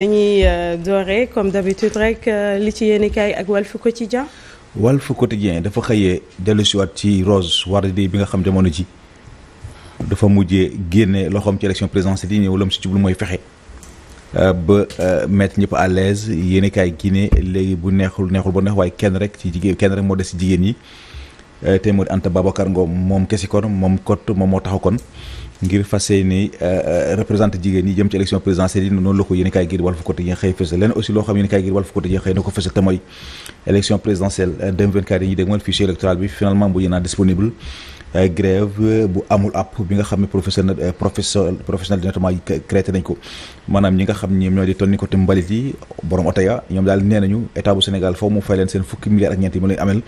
dañuy euh, doore comme d'habitude rek euh, li ci yéen kaay ak Walf Quotidien Walf Quotidien dafa xëyee dellusiwaat ci Rose Wardini bi nga xam jamono ji dafa mujjee génne loxoom ci élection présidentielle yi ñëw lam si jublu mooy fexe euh, ba mettre ñëpp à l'aise yéen kaay gi ne léegi bu neexul neexul ba neex waaye kenn rek ci jigéen kenn rek moo des ci jigéen ñi te moo di Anta Babacar Ngom moom kese kon moom kot moom moo taxaw kon ngir fas yéene euh, euh, représenté jigéen ñi jëm ci élection présidentielle yi noonu la ko yéen kaay gii di Walf Quotidien xëy fësal leen aussi loo xam yéen kaay gii di Walf Quotidien xëy na ko fësal te mooy élection présidentielle 2024 euh, yi ñuy dégmal fichier électoral bi finalement bu yéen disponible Euh, grève euh, bu amul app bi nga xam ne professionnel euh, professionnel notamment créé nañ ko maanaam ñi nga xam ñoom ñoo di toll ni côté mbalit yi borom oto ya ñoom daal nee nañu état bu Sénégal foofu mu fay leen seen fukki milliards ak ñeent mu leen amel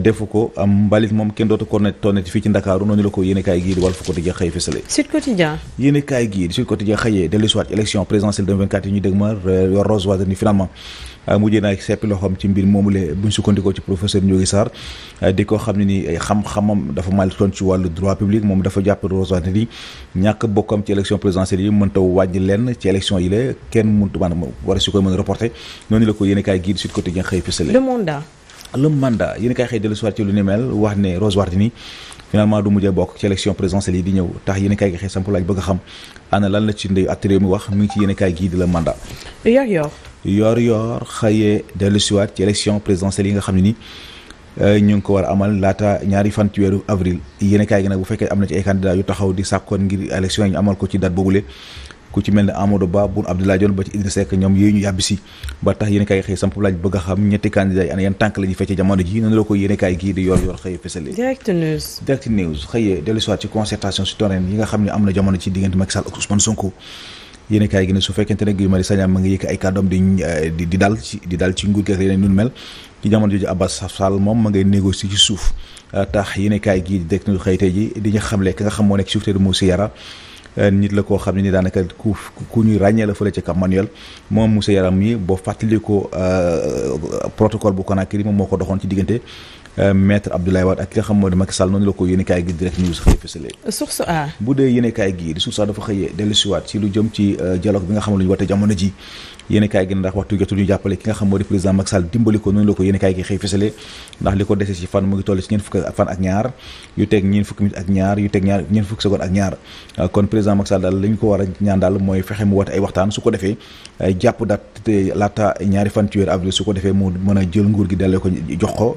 defu ko mbalit moom kenn dootu ko ne tonneti fii ci Ndakaaru noonu la ko yéene kaay gii di Walf Quotidien xëy fësale Sud Quotidien yéene kaay gii di Sud Quotidien xëyee dellu si waat élection présidentielle 2024 yi ñu dégg ma yor Euh, mujjee naa seppi loxoom ci mbir moomule bu ñu sukkandikoo ci professeur Ndioghi Sarr euh, di ko xam ne ni euh, xam-xamam dafa malitoon ci wàllu droit public moom dafa jàpp Rose ñàkk bokkam ci élection présidentielle yi mënta wàññi lenn ci élection yi la kenn mënut maanaam war a si koy mën a reporté noonu la ko yéen a xëy fësale le mandat le a kaay xëy dellu si ci lu ni mel wax ne Rose Wardini finalement du mujjee bokk ci élection présidentielle yi di ñëw tax yéen a xam ana lan la yoor yoor xëyee dellusiwaat ci élection présidentielle yi nga xam ne ni euh, ñu ngi ko war a amal laata ñaari fan ci weeru avril yéen kaay gi nag bu fekkee am na ci ay candidat yu taxaw di sàkkoon ngir élection yi ko ci date boobule ku ci mel ne Amadou Ba ñu yàbbi si ba tax yéen kaay xëy samp laaj bëgg xëyee fësale direct news direct news xëyee dellusiwaat nga xam ne am na jamono ci diggante Macky Sall ak Ousmane yéen kaay gi ne su fekkente ne Guy Marius Sagna ma ngi yëkk ay kàddoom di eh, di dal ci di dal ci nguur gi ak yeneen nun mel ci jamono jooju Abbas Sall moom ma ngay négocier ci suuf eh, tax yéen kaay gii di déglu xëy ji di ñu xamle ki nga xam moo nekk suuf te du Moussa Yara eh, nit la koo xam ne ni daanaka ku ku ñuy ràññee la fële ca Cap Manuel moom Moussa Yara mi boo fàttalikoo protocole bu Conakry moom moo ko doxoon ci diggante. Euh, maître Abdoulaye Wade ak ki nga xam moo di Macky Sall noonu la ko yéenekaay gi direct news xëy fësale source a bu dee yéenekaay gii di source a dafa xëyee dellusiwaat ci lu jëm ci euh, dialogue bi nga xam ne lu ñu wate jamono ji yéenekaay gi ndax waxtu jotul ñu jàppale ki nga xam moo di président Macky Sall dimbali ko noonu la ko yéenekaay gi xëy fësale ndax li ko dese ci fan mu ngi toll ci ñeent fukk fan ak ñaar yu teg ñeent fukki minute ak ñaar yu teg ñaar ñeent fukki seconde ak ñaar euh, kon a laata ñaari fan ci weer su ko defee mu mën a jël nguur gi dalee ko jox ko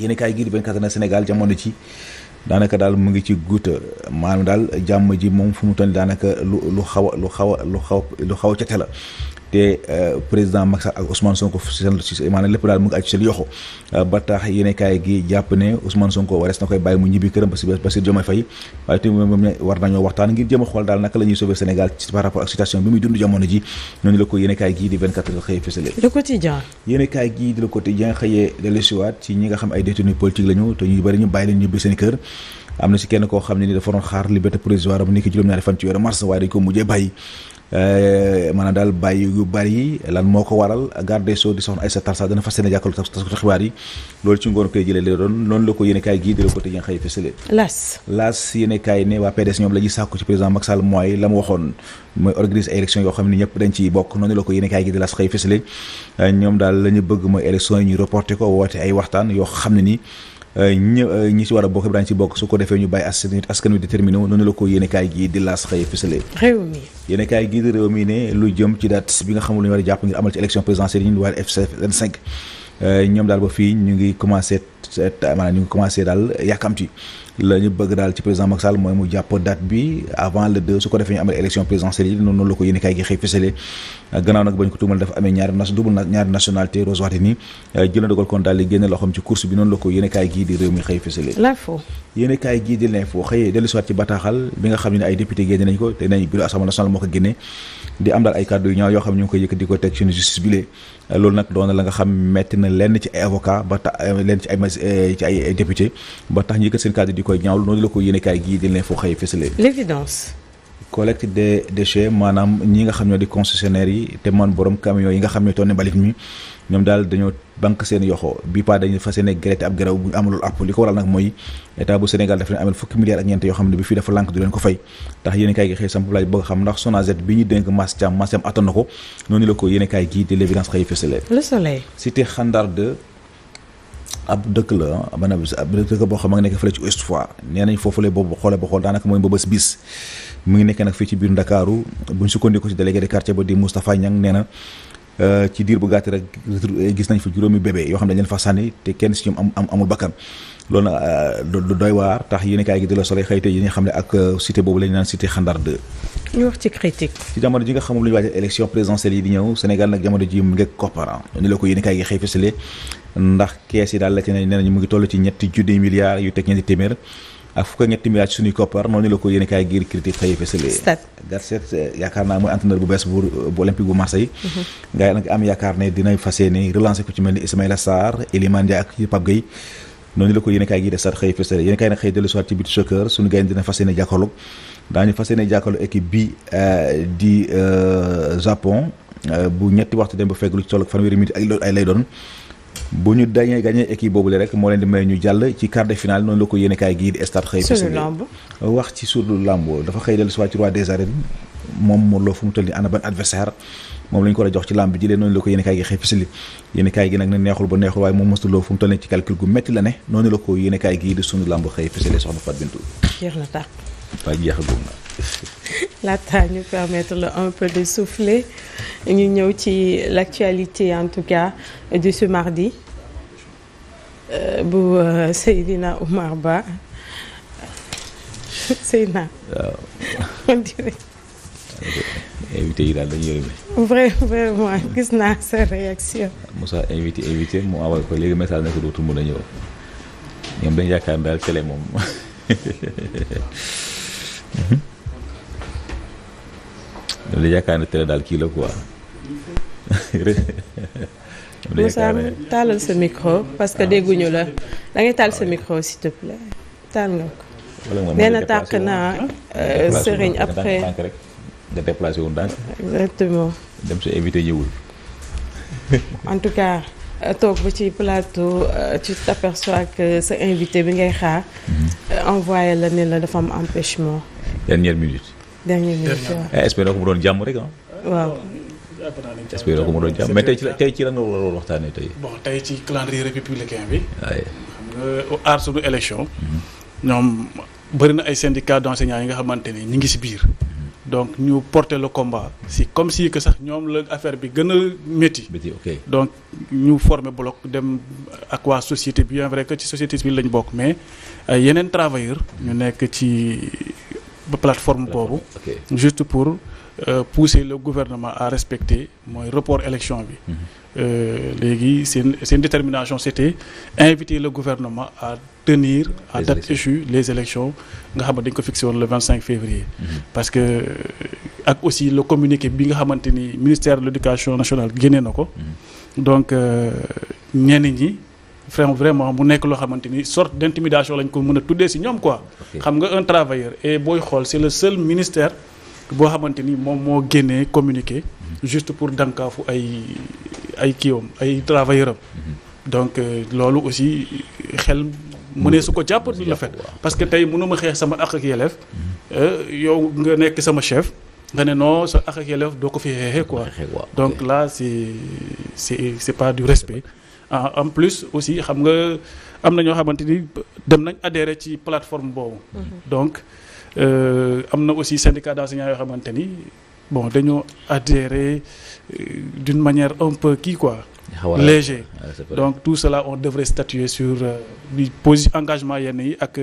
yéen kaay gii di 24 na Sénégal jamono ci daanaka daal mu ngi ci guuta maanaam daal jàmm ji moom fu mu toll daanaka lu lu xaw lu xaw lu xaw lu xaw a cate la te euh, président Macky Sall ak Ousmane Sonko seen maanaam lépp daal mu ngi aju seen yoxo euh, ba tax yéen kaay gi jàpp ne Ousmane Sonko warees na koy bàyyi mu ñibbi a xool daal nga xam ay détenus politiques seen kër am na si kenn koo xam ne ni dafa doon xaar liberté provisoire mu nekk juróom-ñaari fan ci weeru mars waaye dañ ko mujjee bàyyi Eh, maanaam daal bàyyi yu bari yi lan moo ko waral garde des Sceaux di soxna Aïssata Tall Sall dana fas yéene jàkkaarloo taskatu xibaar yi loolu ci ngoon koy jëlee lay doon noonu la ko yéenekaay gii di Le Quotidien xëy ñoom bokk noonu eh, daal la ñu bëgg mooy élection yi ñu reporté ko woote ay waxtaan yoo xam ne ni ñë ñi si euh, war a bokk daañu si bokk su ko defee ñu bàyyi as askan wi déterminé wu noonu la ko yéenekaay gii di laas xëy fësale réew mi réew mi ne lu jëm ci date bi nga xamul lu ñu war a jàpp ngir amal ci élection présidentielle yi ñu war FC 25 euh, daal ba fii ñu ngi commencé maanaam ñu ngi commencé daal yàkkamti la bëgg daal ci président Macky mooy mu jàpp date bi avant le 2 su ko defee ñu amal élection présidentielle yi noonu la ko yéen gi xëy fësale gannaaw nag euh, di génne loxoom xëyee dellu ci bataaxal bi nga xam ne ay député génne nañ ko te nañ bureau assemblée nationale moo ko génne di am daal ay kàddu ñaaw yoo xam ñu ngi koy yëkkati di ko teg ci justice bi loolu nag doon na la nga xam metti na lenn ci ci ay député ba tax ñu yëkkat seen kàddu di koy ñaawlu collecte des déchets maanaam ñi nga xam ñoo di concessionnaire yi te man borom camion yi nga xam ne tonne mbalit mi ñoom daal dañoo banque seen yoxo bi pa dañu fas yéene grete ab garaw bu amalul àpp li ko waral nag mooy état bu Sénégal dafa leen amel fukki milliards ak ñeent yoo xam ne bi fii dafa lànk du leen ko fay tax yéen gi xëy samp laaj bëgg xam ndax Sonaged bi ñu dénk Mass Thiam Mass Thiam attan ko noonu la ko yéen kaay di l'évidence ab dëkk la maanaam ab boo xam ne nekk fële ci Ouest Foire nee nañ foofule boobu xoolee ba xool daanaka mooy Mbëbës bis mu ngi nekk nag fii ci biir Ndakaaru bu ñu sukkandiku ci délégué de quartier ba di Moustapha Niang nee na euh, ci diir bu gàtt rek gis nañ fa juróomi bébé yoo xam ne dañ leen fa sànni te kenn si ñoom am amul bakkan loolu nag euh, doy waar tax yéen kaay gi di la solee yi nga xam ne ak euh, cité boobu lañu naan cité Xandar 2 ñu wax ci critique ci jamono ji nga xamul lu ñu waajal ah. ko yéen ndax kees yi daal la ci ne nee nañu mu ngi toll ci ñetti junni milliards yu teg ñetti téeméer ak fukk ak ñetti milliards ci suñuy koppar noonu la ko yéen giir critique xëy fësale Garcet yaakaar mhm. ak Pape Gueye noonu la ko yéen kaay gi de sat xëy fësale yéen kaay soit ci biti soccer suñu gars yi dina fas yéene jàkkaarloog daañu fas yéene jàkkaarloog équipe bi euh, di euh, Japon euh, bu ñetti waxtu dem ba fekk ci toll ak fanweeri minute ak ay lay bu ñu dañee gagné équipe boobu le rek moo leen di may ñu jàll ci quart de finale noonu la ko yéene kaay gii di stade xëy wax ci moom Modou Lo fu mu toll nii ana ban adversaire moom la ñu ko war a jox ci noonu la ko yéene gi ne neexul ba moom Modou Lo fu mu toll nii ci calcul gu métti la ne noonu la ko yéene kaay gii di sunu lamb xëy fisali soxna Fatou Bintou jeex na tàq waaye jeexagum na laata ñu permettre la un peu de souffler ñu ñëw ci l'actualité en tout cas de ce mardi euh, bu euh, Seydina Oumar Ba Seydina. waaw on dirait. invité yi daal dañu yërëme. vraiment gis naa sa réaction. Moussa invité invité mu envoyé ko léegi message nekk dootul mën a ñëw ñoom dañu yaakaar daal télé moom. Mhm. loolu yaakaar ne télé daal kii la quoi. Moussa taalal sa micro parce que ah. dégguñu la da ngay taal sa micro s'il te plaît na tàkk naa sëriñ après nga déplacé wu ndànk exactement. dem sa éviter ñëwul. en tout cas euh, toog ba ci plateau euh, tu t'aperçois que sa invité bi ngay xaar. Mhm. Euh, envoyé la ne la dafa empêchement. dernière émission eh, espérons ko mu doon jàmm rek ah. waaw. espérons ko mu doon jàmm mais tey ci la tey ci la nga waxtaanee tey. bon tey ci calendrier républicain bi. waaye. xam nga aar suñu élection. ñoom bëri na ay syndicats d'enseignants yi nga xamante ni ñu ngi si biir. donc ñu porter le combat si comme si que sax ñoom la affaire bi gën a métti. ok donc ñu forme bloc dem ak waa société bien vrai que ci société civile lañ bokk mais yeneen travailleurs ñu nekk ci. plateforme boobu juste pour euh, pousser le gouvernement à respecter mooy report élection bi mhm. euh, léegi seen seen détermination c'était inviter le gouvernement à tenir à date échue les élections nga xam ne dañ ko fixé woon le 25 février mhm. parce que euh, ak aussi le communiqué bi nga xamante ni ministère de l'éducation nationale génnee na ko mhm. donc ñenn vraiment mu nekk loo xamante ni sorte d' intimidation lañ ko mën a tuddee si ñoom quoi. xam nga un travailleur booy xool c' est le seul ministère boo xamante ni moom moo génnee communiqué juste pour dankaafu ay ay kiiwam ay travailleur am mhm. donc euh, loolu aussi xel mu mënee su ko jàppa di la fet parce que tey mënuma xeex sama ak ak yelleef mhm. euh, yow nga nekk sama chef. nga ne non sa ak ak yelleef doo ko fi xeexee quoi donc là c' est c' est c' est pas du respect. Ah, en plus aussi xam nga am na ñoo xamante ni dem nañ adhéré ci plateforme boobu. Mhm. donc euh, am na aussi syndicat d'enseignants yoo xamante ni bon dañoo adhéré euh, d'une manière un peu kii quoi. Ah, léger ah, donc tout cela on devrait statuer sur li euh, posi engagement yenn yi ak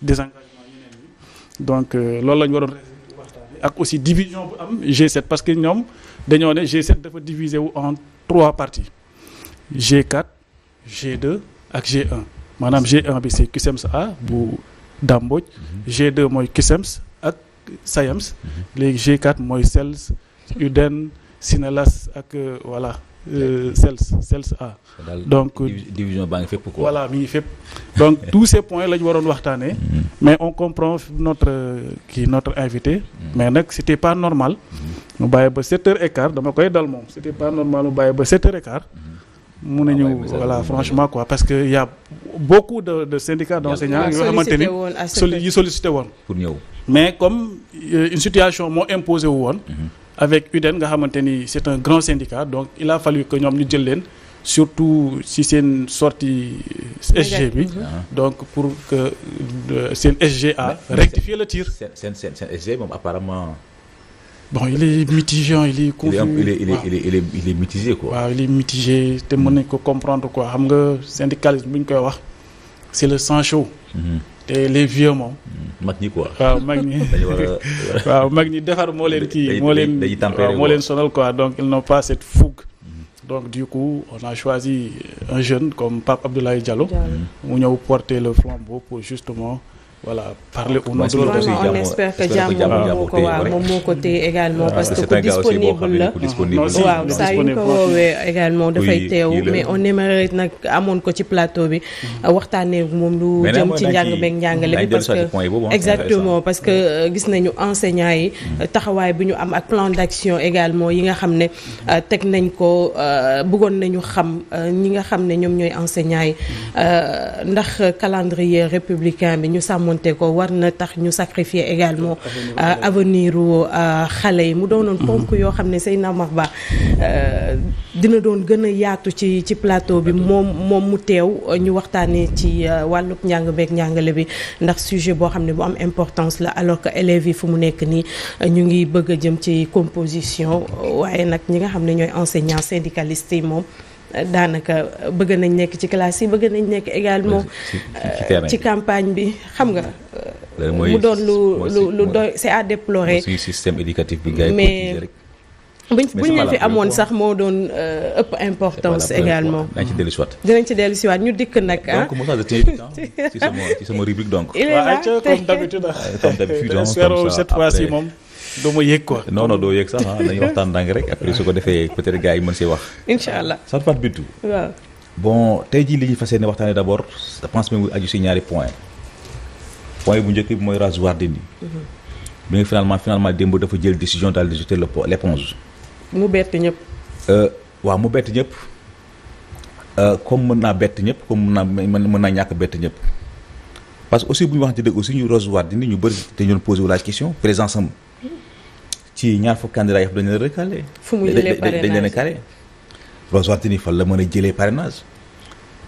désengagement yeneen yi donc loolu la ñu waroon ak aussi division bu am G7 parce que ñoom dañoo ne G7 dafa diviser wu en trois parties. G4 G2 ak G1 maanaam G1 bi c'est CUSEMS A bu Dame Mbodj mhm. G2 mooy CUSEMS ak SAEMS mhm. léegi G4 mooy CELS UDEN SINELAS ak euh, voilà euh, CELS CELS A donc euh, division baa ngi ko quoi voilà mi ngi fépp donc tous ces points la ñu waroon waxtaanee mhm. mais on comprend notre kii notre invité mais nag c'était pas normal mu bàyyi ba 7 heures et quart dama koy dal moom c'était pas normal mu bàyyi ba 7 heures mun nañu ah voilà franchement quoi parce que y' a beaucoup de de syndicats d' enseignants yoo xamante ni yi sollicité woon pour ñëw mais comme euh, une situation moo imposé wu woon mm-hmm. avec UDEN nga xamante ni c' est un grand syndicat donc il a fallu que ñoom ñu jël leen surtout si seen sorti SG bi mm-hmm. ah. donc pour que euh, seen SGA rectifier le tir seen seen seen SG moom apparemment bon il est mitigé il est confus il est il e il est il waaw il est mitigé te mën nañ ko comprendre quoi xam nga syndicalisme bu ñu koy wax c'est le sang mm-hmm. te les vieux mm-hmm. mag ñi ko waaw mag ñi waaw mag ñi defar moo leen kii moo leen waaw moo leen sonal quoi donc ils n'ont pas cette foug mm-hmm. donc du coup on a choisi un jeune comme Pape Abdoulaye jalo mu ñëw porter le flambeau pour justement. voilà parler au nom de ko waaw moom moo ko téye également ah, parce que ku disponible la waaw saa yu ko woowee également dafay teew mais on aimerait ci plateau bi mhm. waxtaanee moom lu jëm ci njàng meeg njàngale bi parce que euh, gis nañu enseignants yi mhm. taxawaay bi ñu am ak plan d'action également yi nga xam ne mhm. euh, teg nañ ko euh, bëggoon nañu xam ñi nga xam ne ñoom ñooy enseignants yi ndax calendrier républicain bi ñu sàmm surmonter ko war na tax ñu sacrifier également euh, avenir u euh, xale yi mu doonoon ponk mhm. yoo xam ne Seydina Omar Ba euh, dina doon gën a yaatu ci ci plateau bi moom moom mu teew ñu waxtaanee ci wàllu njàng beeg njàngale bi ndax sujet boo xam ne bu am importance la alors que élève yi fu mu nekk nii ñu ngi bëgg a jëm ci composition waaye nag ñi nga xam ne ñooy enseignants syndicalistes yi moom daanaka bëgg nañ nekk ci classe yi bëgg nañ nekk également ci euh, campagne bi xam nga mu doon lu lu lu doy c'est à déplorer système éducatif bi mais buñ bu leen fi amoon sax moo doon euh, ëpp importance également dinañ ci dellu siwaat dinañ ci dellu siwaat ñu dikk nag ah donc ci sama ci sama rubrique donc il est là comme d'habitude comme d'habitude cette fois-ci moom doo ma yëg quoi. non doo yëg sax ah nañu waxtaan ndànk rek après su ko defee peut-être yi mën see wax. incha allah Sadou Fatou Bintou. waaw bon tey jii li ñu fas yéene waxtaanee d'abord je pense même si ñaari point point bu njëkk bi mooy Raj Wardini. Mhm. bi nga finalement finalement démb dafa jël décision daal di jeter l'éponge. mu bett ñëpp. Euh, waaw mu bett ñëpp euh, comme mën naa bett ñëpp comme mën naa mën naa ñàkk bett ñëpp parce que aussi bu ñu waxante dëgg aussi ñu Raj Wardini ñu bëri dañu doon posé wu laaj question présence am. ci ñaar fukk candidat yi xam dañu leen recalé. fu mu jëlee parrainage a calé. la mën a jëlee parrainage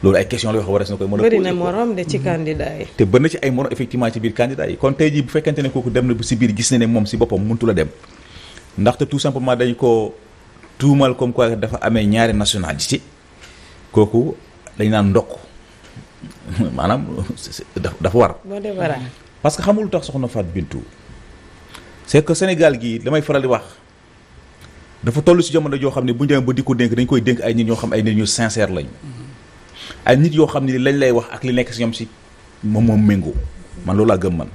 loolu ay question la yoo xam na koy mën a. bëri na morom de ci mm-hmm. candidat yi. te bëri na ci ay morom effectivement ci biir candidat yi kon tey jii bu fekkente ne kooku dem na bu si biir gis na ne moom si boppam mëntu la dem ndaxte tout simplement dañ ko tuumal comme quoi dafa amee ñaari nationalité kooku dañ naan ndokk maanaam dafa war. parce que xamul tax soxna Fatou Bintou. c'est que Sénégal gii damay faral di wax dafa tollu si jamono joo xam ne bu ñu ba di ko dénk dañ koy dénk ay nit ñoo xam ay nit ñu sincère lañ mm-hmm. ay nit yoo xam ne lañ lay wax ak li nekk si ñoom si moom moom méngoo man loolu laa gëm man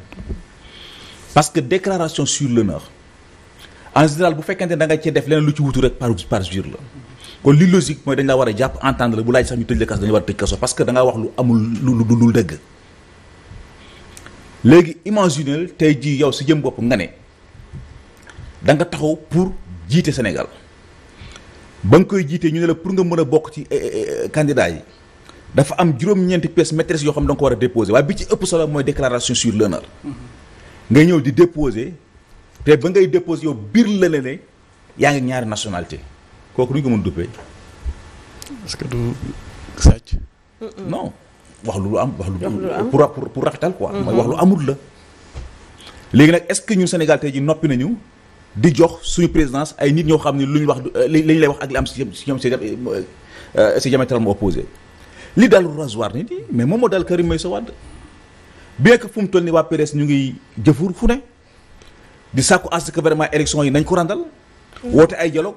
parce que déclaration sur l'honneur en général bu fekkente da nga cee def leneen lu ci wutu rek par par jour la mm-hmm. kon li logique mooy dañ la war a jàpp entendre la bu laaj sax ñu tëj la kaso dañu war a tëj kaso parce que da nga wax lu lu lu dul dëgg léegi imaginel tey jii yow si jëm bopp nga ne da nga taxaw pour jiite Sénégal ba nga koy jiitee ñu ne la pour nga mën a bokk ci eh, eh, eh, candidat yi dafa am juróom-ñeenti pièce maîtresse yoo xam da nga ko war a déposé waaye bi ci ëpp solo mooy déclaration sur l'honneur mm-hmm. ngay ñëw di déposé te ba ngay déposé yow biir la ne yaa ngi ñaari nationalité kooku du ñu ko mën duppee. parce que du sàcc. non wax lu am wax lu. pour pour pour rafetal quoi. mooy wax lu amul la. léegi nag est-ce que ñun Sénégal tey ji noppi nañu. di jox suñu présidence ay nit ñoo xam ne lu ñu wax euh, li ñu lay wax ak li am si ñoom si euh, si diamétralement opposé li daal rasoir nit mais moom moo daal Karim Meïssa Wade bien que fu mu toll nii waa PDS ñu ngi jëfur fu ne di sàkku à ce que vraiment élection yi nañ ko randal woote ay dialogue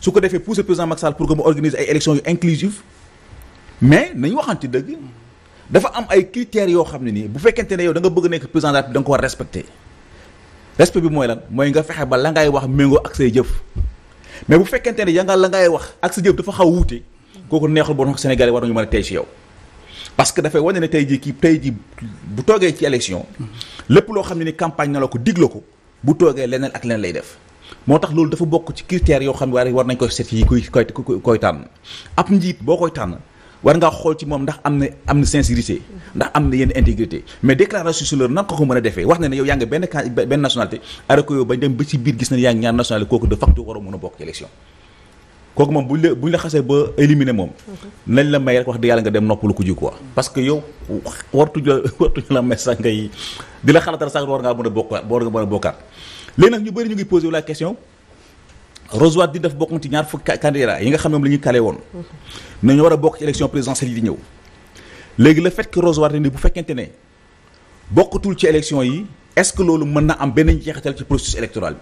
su ko defee pousser président Macky Sall pour que mu organise ay élections yu inclusive mais nañu waxante dëgg dafa am ay critères yoo xam ne nii bu fekkente ne yow da nga bëgg nekk président de la République ko war respecté respect bi mooy lan mooy nga fexe ba la ngay wax méngoo ak say jëf mais bu fekkente ne yanga la ngay wax ak sa jëf dafa xaw wute kooku neexul boo tax war nañu mën a tey yow parce que dafay wane ne tey jii kii tey jii bu toogee ci élection loo xam ne campagne na la ko digla ko bu toogee leneen ak leneen lay def moo tax loolu dafa bokk ci critères yoo xam ne war war nañ koy seet yi kuy koy koy tànn ab njiit boo koy tànn war ngaa xool ci moom ndax am na am na sincérité ndax am na yenn intégrité mais déclaration sur nan ko ko mën a defee wax na ne yaa ngi benn benn nationalité ara yow bañ dem ba ci biir gis na yaa ngi ñaar nationalité kooku de facto a di war ngaa mën a bokkaat war nag ñu bëri ñu ngi posé la question Rose Wardini daf bokk ñaar fukki candidat yi nga xam ne moom la ñuy woon mm-hmm. nañu war a bokk ci élection présidentielle yi di ñëw léegi le fait que Rose Wardini bu fekkente ne bokkatul ci élection yi est-ce que loolu mën na am benn njeexital ci processus électoral bi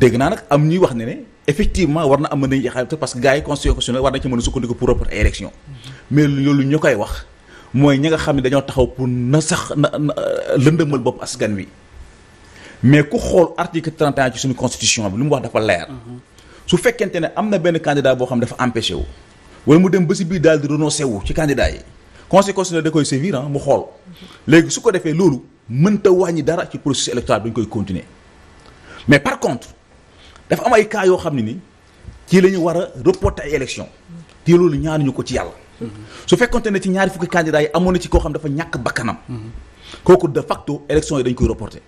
dégg naa nag am ñuy wax ne ne effectivement war na am na a njeexital parce que yi constitution constitutionnel war nañ ci mën a sukkandiku pour reporter ay élection mais loolu ñu koy wax mooy ñi nga xam ne dañoo taxaw pour na sax na euh, lëndëmal bopp askan wi mais ku xool article 31 ci suñu constitution bi lu mu wax dafa leer mm-hmm. su fekkente ne am na benn candidat boo xam dafa empêché wu wala mu dem ba si biir daal di renoncé wu ci candidat yi conseil constitutionnel da koy sévir ah mu xool léegi su ko defee loolu mënta wàññi dara ci processus électoral bi dañ koy continuer mais par contre dafa am ay cas yoo xam ne ni ci lañu ñu war a reporter ay élection te loolu ñaanuñu ko ci yàlla su fekkonte ne ci ñaari fukki candidats yi amoon na ci koo xam dafa ñàkk bakkanam kooku de facto élection yi dañ koy reporter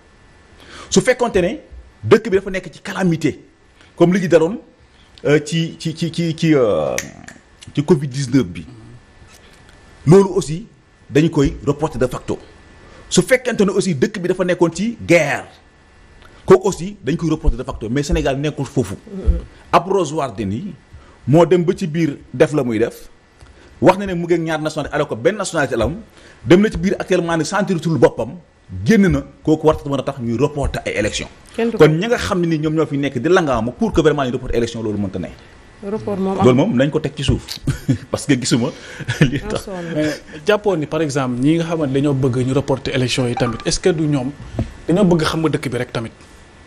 su fekkonte ne dëkk bi dafa nekk ci calamité comme li ñu daloon euh, ci ci ci ci ci euh, ci Covid 19 bi loolu aussi dañu koy reporter de facto su fekkente ne aussi dëkk bi dafa nekkoon ci guerre kooku aussi dañ koy reporter de facto mais Sénégal nekkul foofu. abreuvoir de ni moo dem ba ci biir def la muy def wax na ne mu ngi ñaar nationalité alors que benn nationalité la am dem na ci biir actuellement ne sentirutul boppam génn na kooku warta mën a tax ñuy reporter ay élections. kon ñi nga xam ne ni ñoom ñoo fi nekk di langaamu pour loolu mënta ne. report moom loolu moom nañ ko teg ci suuf parce que gisuma li tax jàppoon ni par exemple ñi nga xamante dañoo bëgg ñu reporter élection yi tamit est-ce que du ñoom dañoo bëgg xam nga dëkk bi rek tamit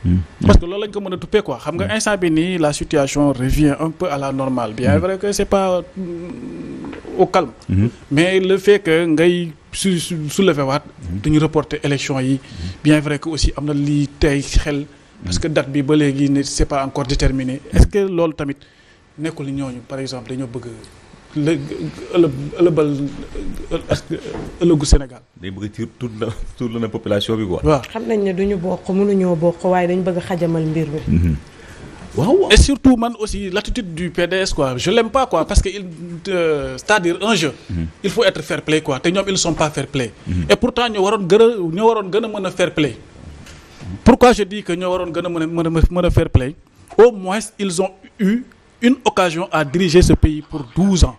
hmm. parce que loolu lañ ko mën a tuppee quoi xam nga hmm. instant bi nii la situation revient un peu à la normale bien hmm. vrai que c'est pas au calme mais le fait que ngay su su soulever waat duñu reporter élection yi bien vrai que aussi am na lii tey xel parce que date bi ba léegi ne c'est pas encore déterminé est-ce que loolu tamit nekkul ñooñu par exemple dañoo bëgg lë ëllëg ëllëbal ëllëgu Sénégal. day bëgg ci tur la tur la na population bi quoi. waa xam nañ ne duñu bokk mënuñoo bokk waaye dañu bëgg xajamal mbir bi. Mm-hmm. waaw et surtout man aussi l'attitude du PDS quoi je l'aime pas quoi parce que il euh, c'est-à-dire un jeu mm -hmm. il faut être fair play quoi te ñoom ils sont pas fair play mm-hmm. et pourtant ñoo waroon gën a waroon gën a mën a fair play pourquoi je dis que ñoo waroon gën a mën a mën a mën a fair play au moins ils ont eu une occasion à diriger ce pays pour 12 ans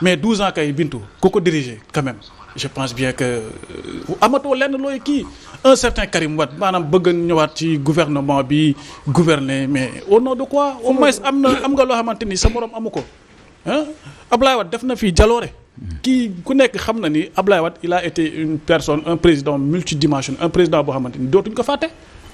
mais 12 ans kay Bintu ku ko diriger quand même je pense bien que euh, amatoo lenn looy kii un certain Karim Wade maanaam bëgg ñëwaat ci gouvernement bi gouverner mais au nom de quoi au moins am na am nga loo xamante ni sa morom amu ko ah Ablaye def na fii jaloore kii ku nekk xam na ni Ablaye Wade il a été une personne un président multidimension un président boo xamante ni dootuñ ko fàtte.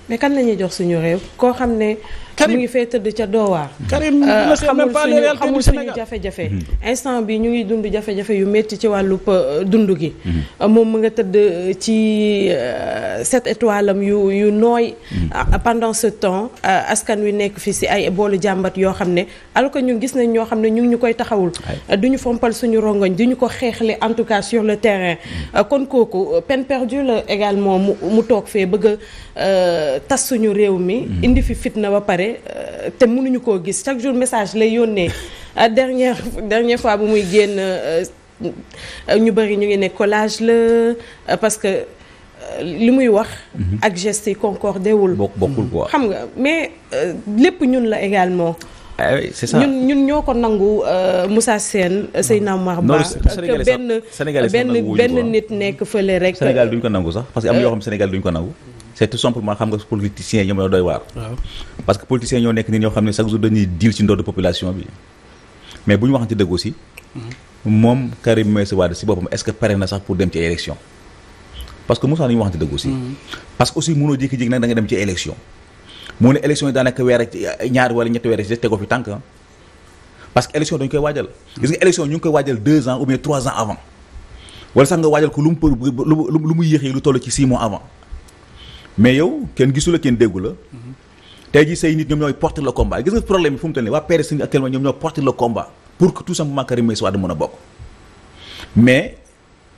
mais kan la ñuy jox suñu réew koo xam ne. Karim mu ngi fee tëdd ca Dóowar. Karim ne sait même pas xamul suñu jafe-jafe. instant bi ñu ngi dund jafe-jafe yu métti ci wàllu euh, dund gi. Mm-hmm. moom mu nga tëdd euh, ci euh, sept étoiles yu yu nooy. Mm-hmm. pendant ce temps askan wi nekk fii si ay boolu jàmbat yoo xam ne aloo que ñu gis nañ ñoo xam ne ñu ngi ñu koy taxawul. duñu ñu fompal suñu rongoñ du ñu ko xeexle en tout cas sur le terrain. Mm-hmm. kon kooku peine perdue la également mu mu toog fee bëgg a tas suñu réew mi. indi fi fitna ba pare. ne euh, te mënuñu koo gis chaque jour message lay yónnee euh, dernière dernière fois bu muy génn euh, ñu bëri ñu ngi ne collage la parce que li muy wax. Mhm. ak gestes yi concordé wul. bokkul xam nga mais lépp ñun la également. ah oui c'est ñun ñun ñoo ko nangu Moussa Sène mhm. Seydina Omar Ba que benn benn benn nit nekk fële rek. Sénégal duñ ko nangu sax parce que am na yoo xam Sénégal duñ ko nangu. c'est tout simplement xam nga politiciens ñoo nekk nit ñoo xam ne chaque jour dañuy deal ci ndodd population bi mais bu ñu waxante dëgg aussi. Mhm. moom Karim Meïssa Wade ci boppam est-ce que pare na sax pour dem ci élection moo mhm. ne élection yi daanaka weer ak ñaari wala ñetti weer rek ci tegoo fi tànk ah. parce que élection dañu koy waajal. gis nga élection ñu ngi koy waajal deux ans ou bien trois ans avant wala sax nga waajal ko lu mu lu mu yéexee lu toll mais yow kenn gisu la kenn déggu la tey jii say nit ñoom ñooy porter le combat gis nga problème bi fu mu toll nii waa PDS actuellement ñoom ñoo porter le combat pour que tout simplement Karim Meïssa Wade mën a bokk mais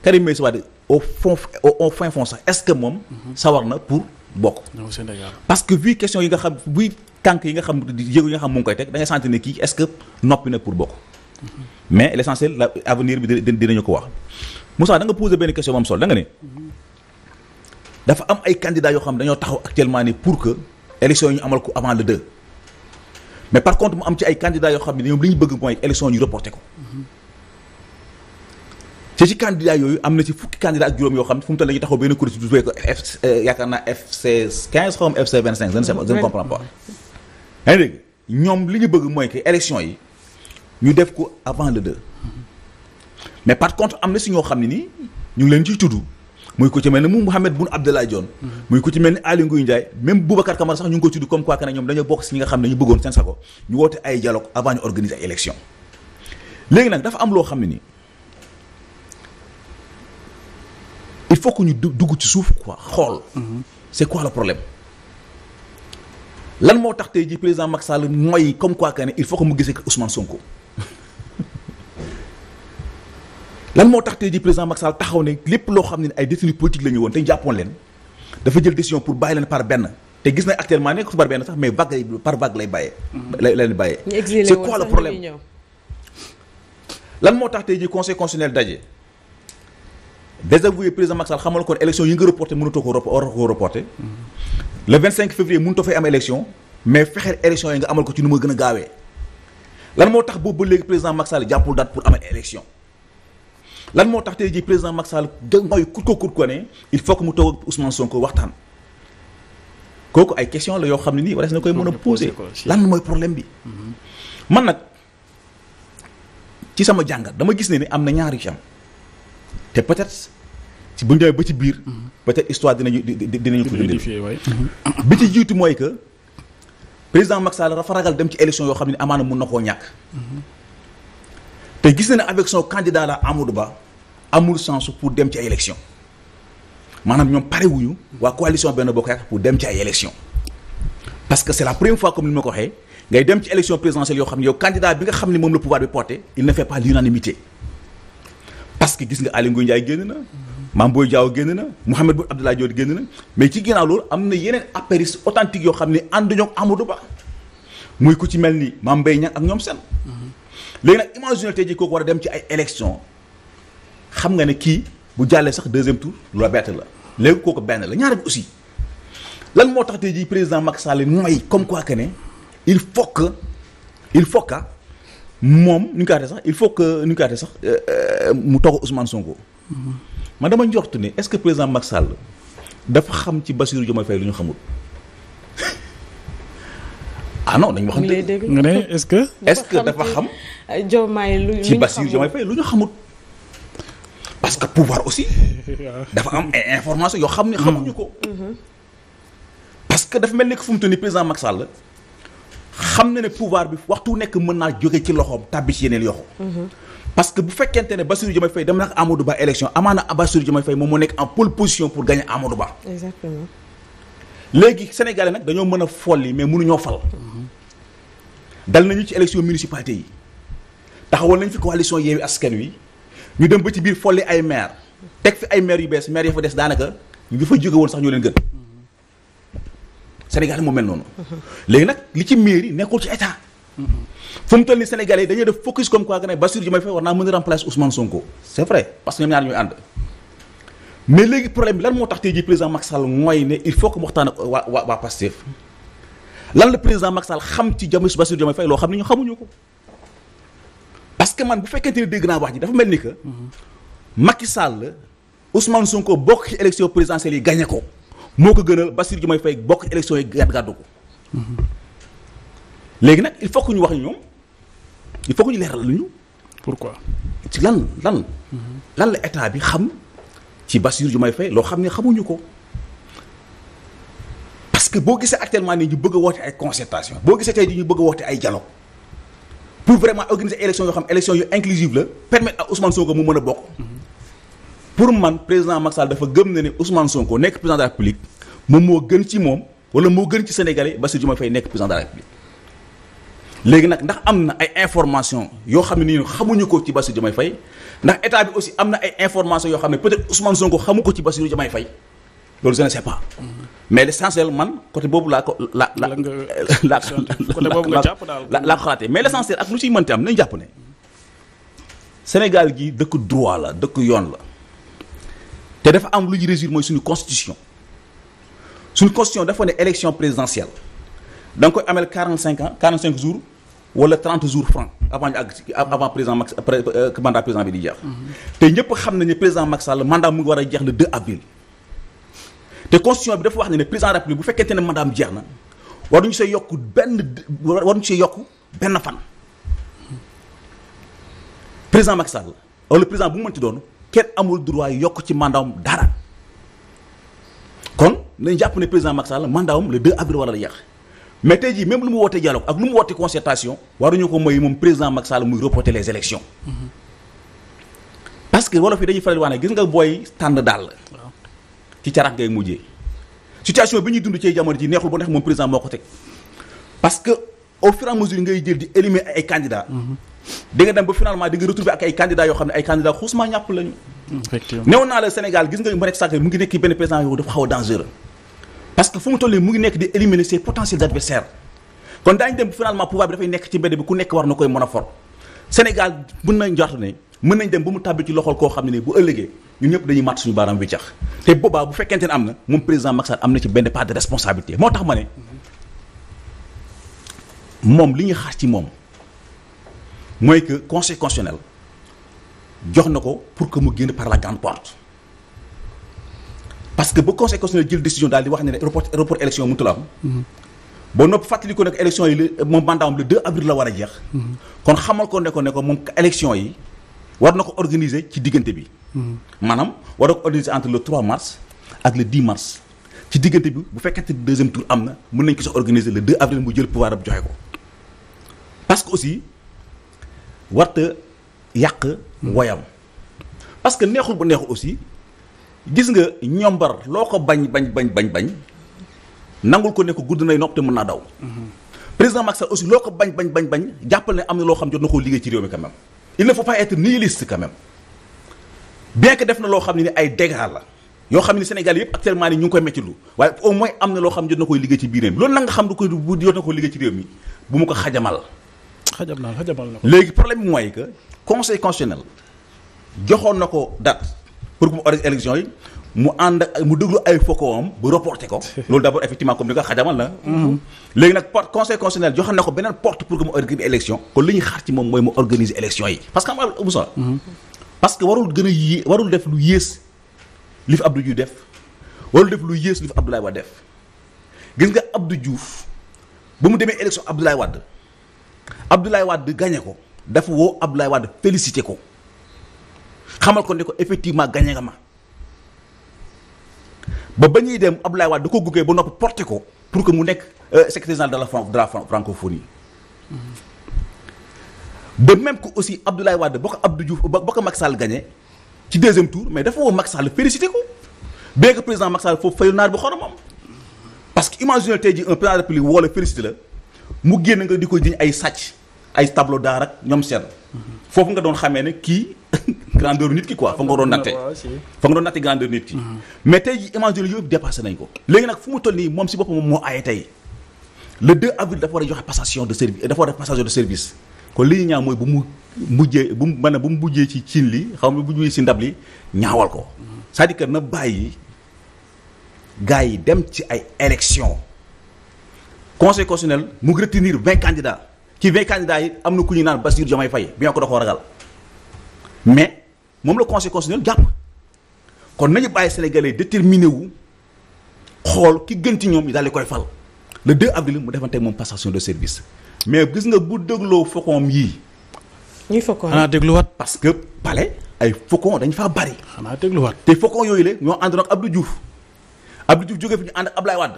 Karim Meïssa Wade au ce que moom sawar na pour bokk parce que vu question yi nga xam buy tànk yi nga xam yéegu yi nga xam mu koy teg da ngay ne kii est-ce que noppi na pour bokk mais l'essentiel l'avenir bi dinañu ko wax Moussa da nga poser benn question moom sol da ne dafa am ay candidats yoo xam ne dañoo taxaw actuellement ni pour que élection yi ñu amal ko avant le 2 mais par contre mu am ci ay candidats yoo xam ne ñoom li ñu bëgg mooy élection ñu reporté ko te ci yooyu am na ci fukki candidat ak yoo xam ne fu mu toll dañuy taxaw benn kuréel du euh, yaakaar naa FC 15 xaw ma FC 25. je ne sais pas je ne comprends pas. ñoom li ñu bëgg mooy que élection yi ñu def ko avant le 2 mais par contre am na si ñoo xam ne nii ñu ngi leen ciy tuddu muy ku ci mel ni mu Mouhamed Boun Abdallah Dionne muy ku ci mel ni Aly Ngouille Ndiaye même Boubacar Camara sax ñu ngi ko tudd comme quoi que ñoom dañoo bokk si nga xam ne ñu bëggoon seen sago ñu woote ay dialogue avant ñu organiser ay élection léegi nag dafa am loo xam ne nii il faut que ñu dugg ci suuf quoi xool mhm. c'est quoi le problème lan moo tax tey ji président Macky Sall mooy comme quoi que ne il faut que mu gisee Ousmane Sonko lan moo tax tey jii président Macky Sall taxaw ne lépp loo xam ne ay détenus politique la ñu woon te ñu jàppoon leen dafa jël décision pour bàyyi leen par benn te gis na actuellement nekk su par benn sax mais vague lay bàyyee. Mhm. lay leen bàyyee. c'est quoi le problème lan moo tax tey jii conseil constitutionnel daje désavoué président Macky xamal ko ne élection yi nga reporté mënutoo ko war ko reporté mhm. le 25 février mënutoo fay am élection mais fexeel élection yi nga amal ko ci nu gën a gaawee lan moo tax boobu ba léegi président Macky Sall jàppul date pour amal élection. lan moo tax tey jii président Macky Sall mooy kut ko kut ko ne il faut que mu toog ak Ousmane Sonko waxtaan kooku ay question la yoo xam ne nii war na koy mën a poser lan mooy problème bi mm-hmm. man nag ci sama jàngat dama gis ne ni am na ñaari ci te peut-être ci bu ñu ba ci biir mm-hmm. peut-être histoire dinañu dinañu ko mm-hmm. bi ci jiitu mooy que président Macky Sall dafa ragal dem ci élection yoo xam ne amaana mun na koo ñàkk te gis na ne avec son candidat la Amadou Ba amul sens pour dem ci ay élection maanaam ñoom pare wuñu waa coalition benn bokk yaakaar pour dem ci ay élection parce que c'est la première fois comme ni ma ko waxee ngay dem ci élection présidentielle yoo xam ne yow candidat bi nga xam ne moom le pouvoir bi porté il ne fait pas l'unanimité parce que gis nga Aly Ngouille Ndiaye génn na Mame Boye jaaw génn na Mahammed Boun Abdallah Dionne génn na mais ci ginnaaw loolu am na yeneen apéristes authentiques yoo xam ne ànduñu ak Amadou Ba muy ku ci mel ni Mame Mbaye Niang ak ñoom seen mm-hmm. léegi nag imaginer a dem ci ay élection xam nga ne kii bu jàllee sax deuxième tour lu la bett la léegi kooku benn la ñaar bi aussi lan moo tax tey jii président Macky Sall mooy comme quoi que ne il faut que il faut que moom nu ñu sax il faut que nu ñu koy sax euh, euh, mu toog Ousmane Sonko. man dama njort ne est-ce que président Macky Sall dafa xam ci Bassirou Diomaye Faye lu ñu xamul. ah non dañu waxante nga ne est-ce que. est-ce que dafa xam. Diomaye lu ci Bassirou Diomaye lu ñu xamul. parce que pouvoir aussi. dafa am information yoo xam ne xamuñu ko. parce que dafa mel ni que fu mu toll nii président Macky Sall xam na ne pouvoir bi waxtu nekk mën naa jóge ci loxoom tàbbi ci yeneen yoxo parce que bu fekkente ne Bassirou Diomaye Faye dem na ak Amadou Ba élection amaana Bassirou Diomaye Faye moom moo nekk en pole position pour gagner Amadou Ba. exactement. léegi Sénégalais nag dañoo mën a folli mais ñoo fal. dal nañu ci élection municipalité yi taxawal nañu fi coalition Yewwi Askan Wi. ñu dem ba ci biir folli ay maire teg fi ay maire yu bees maire ya fa des daanaka ñu fa jóge woon sax ñoo leen gën Sénégal moo mel noonu. léegi nag li ci mairie nekkul ci état. fu mu toll nii Sénégalais yi dañuy def focus comme quoi que ne Bassirou Diomaye Faye war naa mën a remplacer Ousmane Sonko. c' est vrai que ñoom ñaar ñooy ànd mais léegi problème lan moo tax tey jii président Macky Sall mooy ne il faut que mu waxtaan ak waa waa waa lan la président Macky Sall xam ci Diomaye Bassirou Diomaye loo xam ne ñu xamuñu ko. que bu fekkente ni dégg naa wax ji dafa mel ni que. Macky Sall Ousmane Sonko bokk ci élection présidentielle yi gagné ko moo ko gënal Bassirou Diomaye Faye bokk ci élection yi gàdd gàddu ko. léegi nag il faut ñu wax ñoom il faut ñu leeral lu ñu. pourquoi ci lan lan. lan la état bi xam ci Bassirou Diomaye fay loo xam ne xamuñu ko. parce que boo gisee actuellement nii ñu bëgg a woote ay concertation boo gisee tey jii ñu bëgg a woote ay dialogue pour vraiment organiser élection yoo xam élection yu inclusive la permettre à Ousmane Sonko mu mën a bokk. pour man président Macky dafa gëm na ne Ousmane Sonko nekk président de la République moom moo gën ci moom wala moo gën ci Sénégalais Bassirou Diomaye Faye nekk président de République. léegi nag ndax am na ay information yoo xam ne nii xamuñu ko ci Bassirou Diomaye Faye ndax état bi aussi am na ay information yoo xam ne peut-être Ousmane Sonko xamu ko ci Bassirou Diomaye Faye loolu je ne sais pas. mais l'essentiel man côté boobu laa ko la la la la côté boobu nga jàpp daal laa ko xalaatee mais l'essentiel ak lu ciy mënti am nañ jàpp ne Sénégal gi dëkk droit la dëkk yoon la te dafa am lu ñu régir mooy suñu constitution suñu constitution dafa ne élection présidentielle da nga koy amel 45 ans 45 jours wala 30 jours franc avant ñu àgg ci avant président Macky euh, euh, mandat président bi di jeex. Mm-hmm. te ñëpp xam nañu ne président Macky Sall mandat mu ngi war a jeex le 2 avril. te constitution bi dafa wax ne ne président de la république bu fekkente ne mandaam jeex na waruñu see yokk benn waruñu see yokk benn fan président Macky Sall wala président bu mu mënti doon kenn amul droit yokk ci mandaam dara kon nañ jàpp ne président Macky Sall mandaam le 2 avril wala la jeex mais tey jii même lu mu wootee dialogue ak lu mu wotee wootee concertation waruñu ko mooy moom président Macky Sall muy reporter les élections mm-hmm. parce que wolof yi dañuy faral di wax nga booy tànn daal ci carax ngay mujjee situation bi ñuy dund cee jamono ji neexul ba neex moom président moo ko teg parce que au fur et à mesure ngay jël di éliminer ay candidats. Mm-hmm. di nga dem ba finalement di nga retrouver ak ay candidats yoo xam ne ay candidats xuusuma ñàpp lañu. effectivement naa la Sénégal gis nga Marek Sàkk mu ngi nekk benn président yow dafa xaw a dangereux. fu mu toll mu ngi nekk di éliminer ses potentiels adversaires kon daañu dem finalement pouvoir bi dafay ku nekk war na a for Sénégal mën na mën nañ dem ba mu tàbbi ci loxol koo xam ne bu ëllëgee ñun ñëpp dañuy màtt suñu baaraam wi cax te boobaa bu fekkente am na moom président Macky Sall am na ci benn part de responsabilité moo tax ma ne moom li ñuy xaar ci moom mooy que conseil constitutionnel jox na ko pour que mu génn par la grande porte parce que ba conseil constitutionnel jël décision daal di wax ne ne report report élection mënut la am. ba nopp fàttali ko nekk élection yi moom mandat am le la war a jeex. Mm-hmm. kon xamal ko ne ko ne ko yi. war na ko organiser ci diggante bi. maanaam war na ko organiser entre le trois mars ak le di mars ci diggante bi bu fekkente deuxième tour am na mën nañ ko sax organiser le 2 avril mu jël pouvoir ab joxe ko parce que aussi warta yàq woyam parce que neexul bu neexul aussi gis nga ñombar loo ko bañ bañ bañ bañ bañ nangul ko ne ko gudd nay nopp te mën naa daw. Mhm. président Macky Sall aussi loo ko bañ bañ bañ bañ jàppal ne am na loo xam jot na koo liggéey ci réew mi quand même. il ne faut pas être nihiliste quand même bien que def na loo xam ne ni ay dégâts la yoo xam ne Sénégal yëpp actuellement ni ñu ngi koy métti lu waaye au moins am na loo xam ne jot na koy liggéey ci biir réew mi loolu nag nga xam du koy jot na koy liggéey ci réew mi bu mu ko xajamal. xajamal xajamal na léegi problème bi mooy que conseil constitutionnel joxoon na ko dat pour que mu élection yi. mu ànd ak mu déglu ay focon am bu reporté ko loolu d'abord effectivement comme ni ko xajamal la mhm. léegi nag porte conseil constitutionnel joxoon na ko beneen porte pour que mu organiser élection kon li ñuy xaar ci moom mooy mu organiser élection yi parce que xam nga Moussa mhm. parce que warul gën a yée warul def lu yées li fi Abdou Diouf def warul def lu yées li fi Abdoulaye waa def gis nga Abdou juuf ba mu demee élection Abdoulaye Wade Abdoulaye Wade gagné ko dafa woo Abdoulaye Wade félicité ko xamal ko ne ko effectivement gagné nga ma ba ba ñuy dem Abdoulaye Wade da ko gugee ba noppi porté ko pour que mu nekk euh, secrétaire général de la de la francophonie ba même ko aussi Abdoulaye Wade ba ko Abdou Diouf ba ko Macky Sall gagné ci deuxième tour mais dafa woo Macky Sall félicité ko bien que président Macky Sall foofu fayu naar bi xoromam parce que imaginez tey ji un président de la République woo la félicité la mu génn nga di ko jiñ ay sàcc ay tableau daar ak ñoom seen foofu nga doon xamee ne kii grandeur nit ki quoi fa nga doon natte fa nga doon natte grandeur nit ki mm-hmm. mais tey ji image yooyu yëpp dépassé nañ ko léegi nag fu mu toll nii moom si boppam moo aaye tey le 2 avril dafa war a joxe passation de service dafa war a def passation de service kon li ñaaw mooy bu mu mujjee bu mu maanaam bu mu mujjee ci cin li xaw ma bu mujjee si ndab li ñaawal ko mm-hmm. c'est-à-dire que na bàyyi gars yi dem ci ay élection conseil constitutionnel mu retenir vingt candidats ci vingt candidats yi am na ku ñu naan Bassirou Diomaye Faye bi ñoo ko da koo ragal mais moom la conseil constitutionnel jàpp kon nañu bàyyi sénégalais déterminé wu xool ki gën ci ñoom ñu daal di koy fal le 2 avril mu defante moom passation de service mais gis nga bu dégloo faucon yii. ñuy fokk xanaa dégluwaat parce que palais ay faucon dañ faa bari. xanaa dégluwaat te faucon yooyu le ñoo ab ak Abdou Diouf Abdou Diouf jógee fi ñu ànd ak Abdoulaye Wade.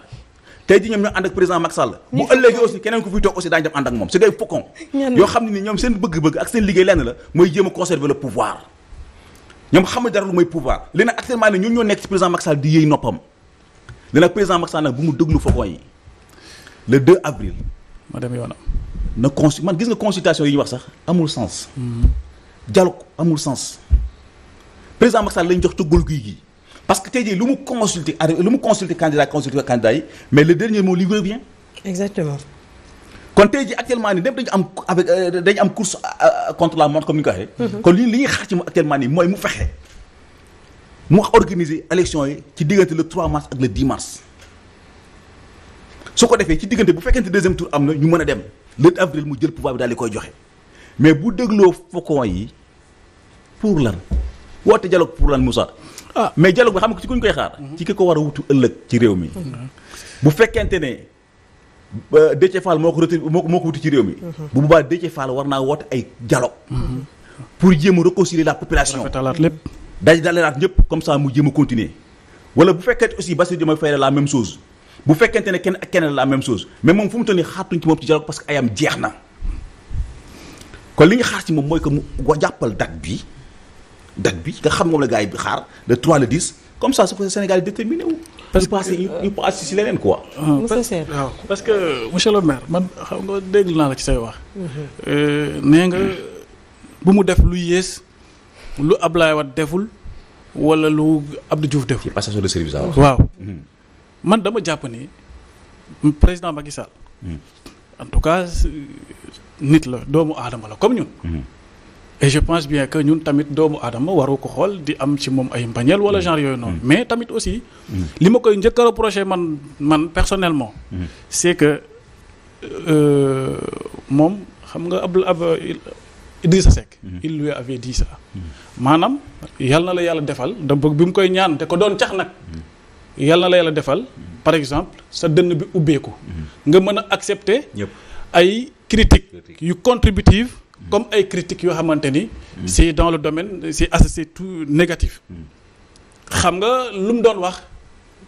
tey ji ñoom ñoo ànd ak président Macky Sall bu ëllëgee aussi keneen ku fiy toog aussi daañu dem ànd ak moom c'est des faucons yoo xam ne ni ñoom seen bëgg-bëgg ak seen liggéey lenn la mooy jéem a conserver le pouvoir ñoom xamul dara lu mooy pouvoir li nag actuellement ne ñun ñoo nekk ci président Macky Sall di yëy noppam li nag président Macky Sall nag bu mu déglu faucons yi le 2 avril ma dem yoonam na consu man gis nga consultation yi ñu wax sax amul sens mm-hmm. dialogue amul sens président Macky Sall lañ jox ca gól gi parce que tey jii lu mu consulter lu mu consulter candidat consulter candidat yi mais le dernier mot lui revient. exactement. kon tey jii actuellement nii dem dañu am avec euh, dañu am course euh, euh, contre la montre comme ni nga ko waxee. Mhm. kon li li ñuy xaar ci mooy mu fexe mu organiser élection yi ci diggante le trois mars ak le 10 mars. su ko defee ci diggante bu fekkente deuxième tour am na ñu mën a dem le avril mu jël pouvoir bi daal di koy joxe mais bu dégloo faucon yi pour lan woote dialogue pour lan Moussa. ah mais dialogue bi xam nga ci kuñ koy xaar. ci ki ko war a wutu ëllëg ci réew mi. bu fekkente ne Déthié Fall moo ko retiré moo ko wutu ci réew mi. bu boobaa Déthié Fall war naa woote ay dialogue. pour jéem a réconcilier la population. rafetalaat lépp. daal dalalaat ñëpp comme ça mu jéem a continuer. wala bu fekkee aussi Bassirou Diomaye Faye la même chose bu fekkente ne kenn ak keneen la même chose mais moom fu mu toll nii xaatuñ ci moom ci dialogue parce ayam jeex na kon li ñu xaar ci moom mooy que mu jàppal date bi. date bi nga xam moom la gars yi xaar le 3 le 10 comme ça su ko Sénégal déterminé wu. parce que ñu passé euh, ñu passé si leneen quoi. monsieur ah, Seye waaw parce que monsieur le maire man xam nga dégg naa la ci say wax. Mm-hmm. Euh, nee bu mu def lu yées lu ab Ablaye Wade deful wala lu Abdou Diouf deful. ci de service waaw. Mm-hmm. man dama jàpp ni président Macky mm-hmm. en tout cas nit la doomu aadama la comme ñun. et pense bien que ñun tamit doomu aadama waru ko xool di am ci moom ay mbañeel wala mm. genre yooyu noonu. Mm. mais tamit aussi. Mm. li ma koy njëkk a man man personnellement. est que euh, moom xam nga Abdou ab Idrissa Seck. il lui maanaam yàlla na la yàlla defal da bëgg bi mu koy ñaan te ko doon cax nag. yàlla na la yàlla defal. par exemple sa dënn bi ubbeeku. nga mën a accepter. ay critiques yu contributive comme ay critiques yoo xamante ni c'est dans le domaine c'est associé tout négatif xam nga lu mu doon wax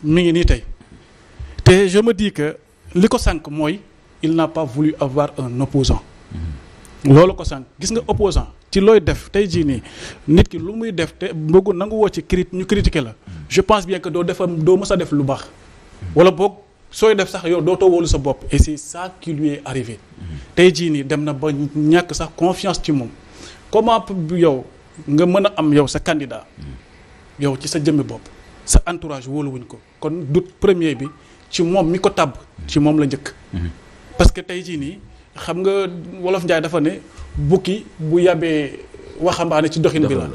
mu ngi nii tey te je me di que li ko sànq mooy il n'a pas voulu avoir un opposant loolu ko sànq gis nga opposant ci looy def tey jii nii nit ki lu muy def te bëggu nangu woo ci crit ñu critiquer la je pense bien que doo defar doo mës a def lu baax wala boog sooy def sax yow dootoo wóolu sa bopp et c'est ça qui lui est arrivé tey jii nii dem na ba ñàkk sax confiance ci moom comment yow nga mën a am yow sa candidat yow ci sa jëmmi bopp sa entourage wóoluwuñ ko kon doute premier bi ci moom mi ko tàbb ci moom la njëkk parce que tey jii nii xam nga wolof njaay dafa ne bukki bu yabee waxambaane ci doxin bi la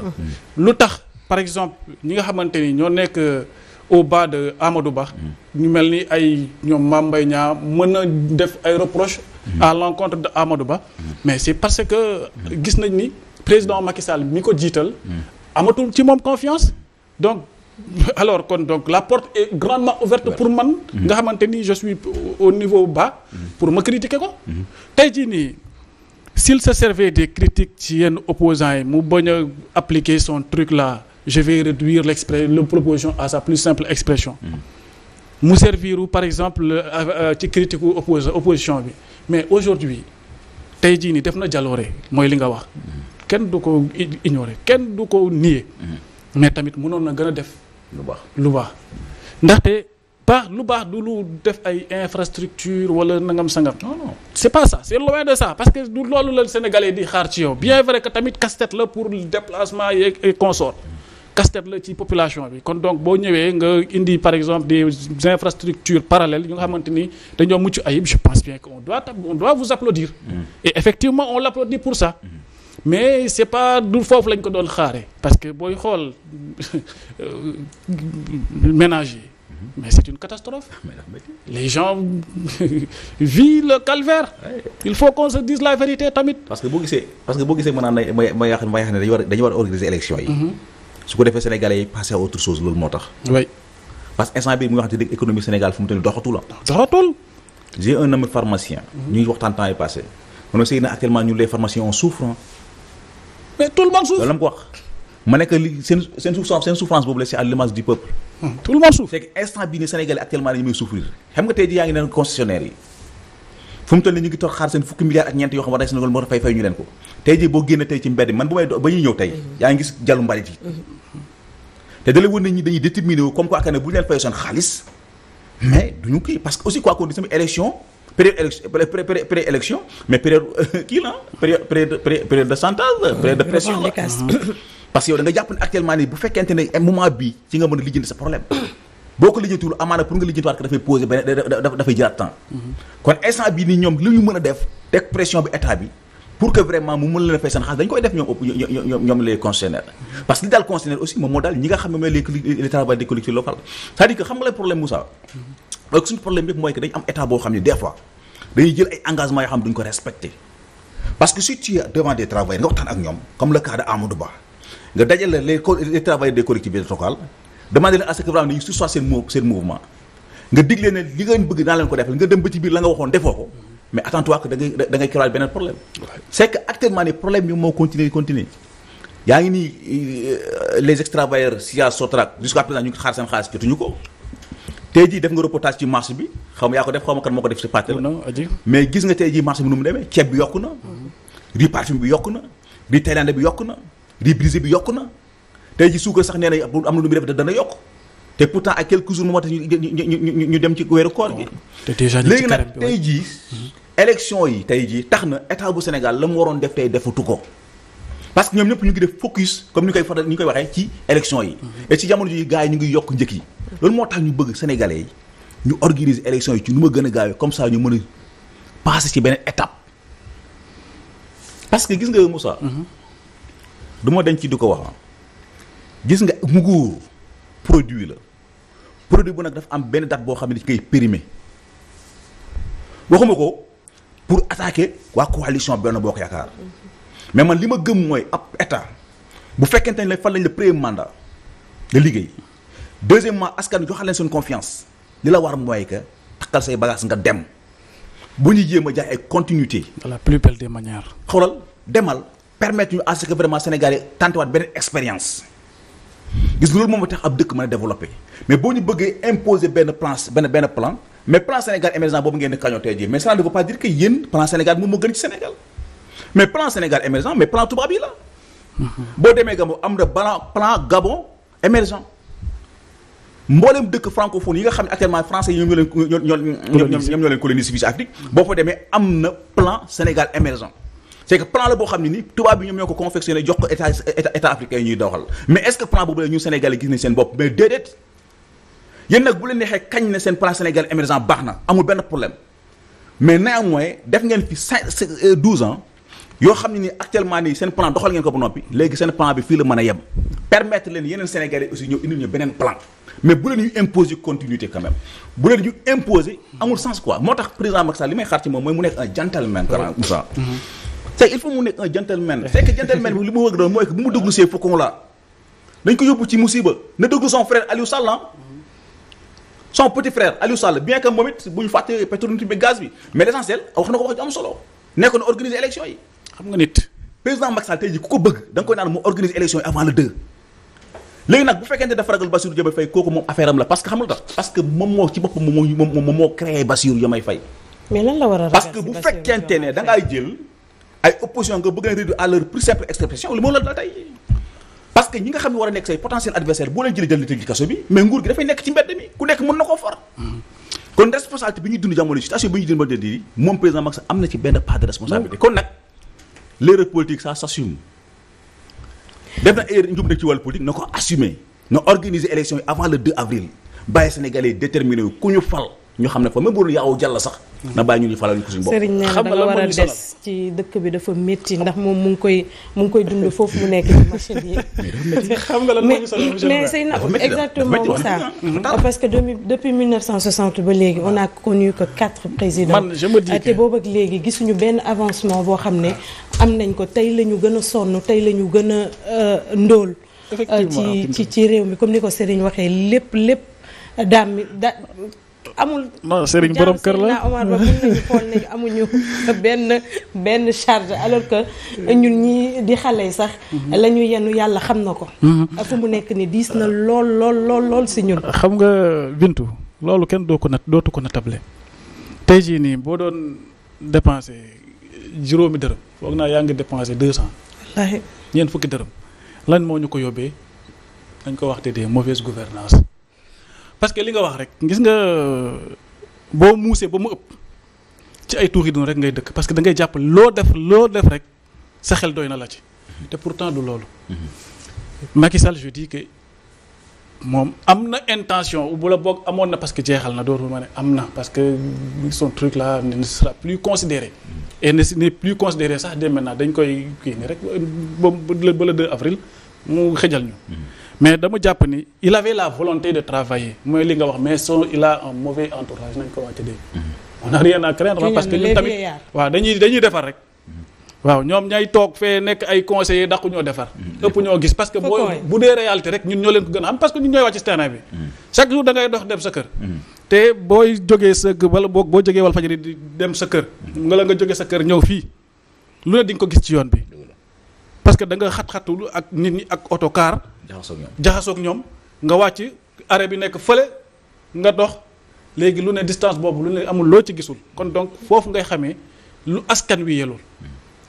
lu tax par exemple ñi nga xamante ni ñoo nekk au bas de Amadou Ba. ñu mel ni ay ñoom Mame Mbaye Niang mën a def ay reproche à l'encontre de Amadou Ba. mais c'est parce que gis nañ ni président Macky Sall mi ko jiital. amatul ci moom confiance donc. alors kon donc la porte est grandement ouverte pour man nga xamante ni je suis au niveau bas pour ma critiquer ko tey jii nii s'il se servait des critiques ci yenn opposants yi mu bañ a appliquer son truc là je vais réduire l'expré proposition à sa plus simple expression mu mm. servir par exemple euh, euh, ci critique u opposition bi mais aujourd'hui tey jii nii def na jaloore mooy li nga wax kenn du ko ignorer kenn du ko nier mais tamit mënoon na gën a def lu baax lu baax ndaxte baax lu baax du lu def ay infrastructure wala nangam sangam non non c'est pas ça c'est loin de ça parce que du loolu la sénégalais di xaar ci yow bien vrai que tamit casse-tête la pour déplacement yeeg et consort casse-tête ci population bi kon donc boo ñëwee nga indi par exemple des infrastructures parallèles yu nga xamante ni dañoo mucc ayib je pense bien que on doit on doit vous applaudir mm. et effectivement on l'applaudit pour ça mm. mais c'est pas du foofu lañ ko doon xaaree parce que booy xool euh, ménager mm-hmm. mais c'est une catastrophe ah, les gens vivent le calvaire il faut qu'on se dise la vérité tamit parce que boo gisee parce que boo gisee maanaam na ma ma yaakaar ne dañu su ko defee sénégalais yi passé à autre chose loolu moo tax. oui parce que instant bii mu nga xam ne économie Sénégal fu mu toll doxatul ah. doxatul. j'ai un ami pharmacien. ñu ngi waxtaan temps yi passé. kon aussi na wax. ma nekk li seen seen souffrance seen souffrance boobu la c'est hmm, fekk instant bii nii Sénégalais actuellement dañu may souffrir xam nga tey jii yaa ngi neen concessionnaire yi fu mu ñu ngi toog xaar seen fukki milliards ak ñeent yoo xam war na Sénégal moo fay fay ñu leen ko tey jii boo génne tey ci mbedd man bu may ba ñuy ñëw tey mhm. yaa ngi gis jàllu mbalit yi mhm. te da lay ñi dañuy déterminé wu comme quoi ne bu ñu leen fay seen xaalis mais duñu kii parce que aussi quoi qu'on dise sama élection période élection mais période euh, kii la période de chantage mhm. parce que yow da nga jàpp ne actuellement nii bu fekkente ne moment bii ci nga mën a lijjanti sa problème boo ko lijjantiwul amaana pour nga lijjantiwaat ko dafay posé benn ñu mën a def teg état bi pour que vraiment mu mën leen a fay seen xaalis dañ koy def ñoom ñoom ñoom les concessionnaires parce que li daal concessionnaire aussi moom moo daal ñi nga xam ne mooy les les travailleurs des collectivités locales cest xam nga lay problème Moussa ak suñu problème yëpp mooy que dañ am état boo xam ne des fois jël ay engagements yoo xam nga waxtaan ak ñoom de Amadou Ba nga dajale les que vraiment nga digle ne li ngeen bëgg naa ko defal nga dem ba defoo mais attends-toi que da ngay da ngay créer beneen problème. c'est que actuellement nii problème bi moo continuer continuer. yaa ngi nii euh, les ex-travailleurs SIA SOTRAC jusqu'à présent ñu ngi xaar seen xaalis jotuñu ko. tey jii def nga reportage ci marché bi xaw ma yaa ko def xaw ma kan moo ko def si pàcc la. mais gis nga tey jii marché bi nu mu demee ceeb bi yokk na. riz parfum bi yokk na. riz thaïlandais bi yokk na. riz jii suukar sax nee na am na lu muy def dana yokk te pourtant ak quelques jours ñu dem ci weeru koor gi. te déjà léegi nag tey élection yi tey jii tax na état bu Sénégal la mu waroon def tey defatu ko parce que ñoom ñëpp ñu ngi def focus comme ni koy faral ni koy waxee ci élection yi. Mhm. et ci jamono ji gars yi ñu ngi yokk njëkk yi. loolu moo tax ñu bëgg sénégalais yi ñu organiser élection yi ci nu ma gën a gaawee comme ça ñu mën a ci beneen étape parce que gis nga Moussa. Mhm. du ma ci du ko wax gis nga nguur produit la produit bu nag dafa am benn date boo xam ne dañ koy périmer waxuma pour attaquer waa coalition Benno Bokk Yaakaar mais man li ma gëm mooy ab état bu fekkente ne fan lañ le premier mandat de liggéey deuxièmement askan joxal leen seen confiance li la war mooy que takkal say bagages nga dem boo ñu jéem a jaay ay continuité. de la plus belle des manières. demal permettre ñu à que vraiment Sénégal yi tenté beneen expérience gis nga loolu moom a tax ab dëkk mën a développé mais boo ñu bëggee imposer benn plan benn benn plan. mais plan Sénégal émergent boobu ngeen di kañotee ji mais ça ne veut pas dire que yéen plan Sénégal mais plan Sénégal émergent mais plan tubaab yi la. boo ne actuellement fa demee am na plan Sénégal émergent c'est plan la boo xam ne ni tubaab bi ñoom ñoo ko confectionné jox état africain ñuy doxal mais est que plan boobu la ñu Sénégal yi gis nañ seen bopp mais déedéet. yéen nag bu leen neexee kañ ne seen plan Sénégal émergent baax na amul benn problème mais néanmoins def ngeen fi cinq euh, douze ans yoo xam ne ni actuellement nii seen plan doxal ngeen ko ba noppi léegi seen plan bi fii la mën a yem permettre leen yeneen Sénégalais aussi ñëw indil ñu beneen plan mais bu leen ñu imposer continuité quand bu leen ñu imposer amul sens quoi moo tax président Macky Sall li may xaar moom mooy mu nekk un gentleman son petit frère Aliou Sall bien que moom it bu ñu fàtte pétrole bi gaz bi mais l' wax na ko wax ju am solo nekk na organiser élection yi. xam nga nit. président Macky Sall tey jii ku ko bëgg da koy naan mu organiser élection yi avant le 2. léegi nag bu fekkente dafa ragal Bassirou Diomaye Faye kooku moom affaire la parce que xam nga tax parce que moom moo ci boppam moom moo moom moo créé Bassirou Diomaye a parce que bu fekkente ne a réduire à leur plus simple expression li moo la la parce que ñi nga xam ne war a nekk say potentiel adversaire boo leen jëlee jël tëj kaso bi mais nguur gi dafay nekk ci mbedd mi ku nekk mën na koo for kon responsabilité bi ñuy dund jamono situation bi ñuy dund ba moom président Macky Sall am na ci benn part de responsabilité kon nag l'erreur politique ça s'assume def na erreur njub nekk ci wàllu politique na ko assumer na organiser élection yi avant le 2 avril bàyyi sénégalais déterminé ku ñu fal ñu xam ne fa même bu dul yaaw jàll sax na bàyyi ñu ñu falal ñu ko suñu bopp. sëriñ nee na danga war a des ci dëkk bi dafa métti ndax moom mu ngi koy mu ngi koy dund foofu mu nekk ci machine yi. xam nga lan moo ñu sonal monsieur mais c'est exactement ça parce que depuis 1960 ba léegi on a connu que quatre présidents. man je me dis te boobu ak léegi gisuñu benn avancement boo xam ne am nañ ko tey la ñu gën a sonn tey la ñu gën a euh, ndóol. Euh, effectivement ci ci ci réew mi comme ni ko Serigne waxee lépp lépp daam mi da amul. non Serigne borom kër la Omar Ba mun nañu xool ne amuñu benn benn charge alors que ñun ñi di xale yi sax. Mhm. lañu yenn yàlla xam na ko. Mhm. fu mu nekk ni diis na lool lool lool si ñun. xam nga Bintu loolu kenn doo ko na dootu ko natable tey jii nii boo doon dépensé juróomi dërëm foog naa yaa ngi dépensé deux cent. wallaahi ñeent fukki dërëm lan moo ñu ko yóbbee dañ ko wax te dee mauvaise gouvernance parce que li nga wax rek gis nga boo muusee ba mu ëpp ci ay tuuxi dund rek ngay dëkk parce que da ngay jàpp loo def loo def rek sa xel doy na la ci te pourtant du loolu. Mhm. Macky Sall je dis que moom am na intention bu la amoon na parce que jeexal na dootul ma ne am na parce que son truc là ne sera plus ne plus considéré sax dès maintenant dañ koy kii nii rek ba ba le 2 avril mu xëjal ñu. Mhm. mais dama jàpp ni il avait la volonté de travailler mooy li nga wax mais son il a un mauvais entourage nañ ko wàcc dégg on a rien à craindre parce que ñun tamit waaw dañuy dañuy rek waaw ñoom ñay toog fee nekk ay conseillers daqu ñoo defar mm-hmm. ëpp ñoo gis parce que boo bu dee réalité rek ñun ñoo leen ko gën a xam parce que ñun ñooy wàcc ci terrain bi mm-hmm. chaque jour da dox dem sa kër mm-hmm. te booy jógee sa wala boo boo jógee Walfadjri di dem sa kër nga la nga jógee sa kër ñëw fii lu ne di nga ko gis ci yoon bi parce que da nga xat-xatul ak nit ñi ak autocar. jaxasoog ñoom nga wàcc arrêt bi nekk fële nga dox léegi lu ne distance boobu lu ne amul loo ci gisul kon donc foofu ngay xamee lu askan wi yelul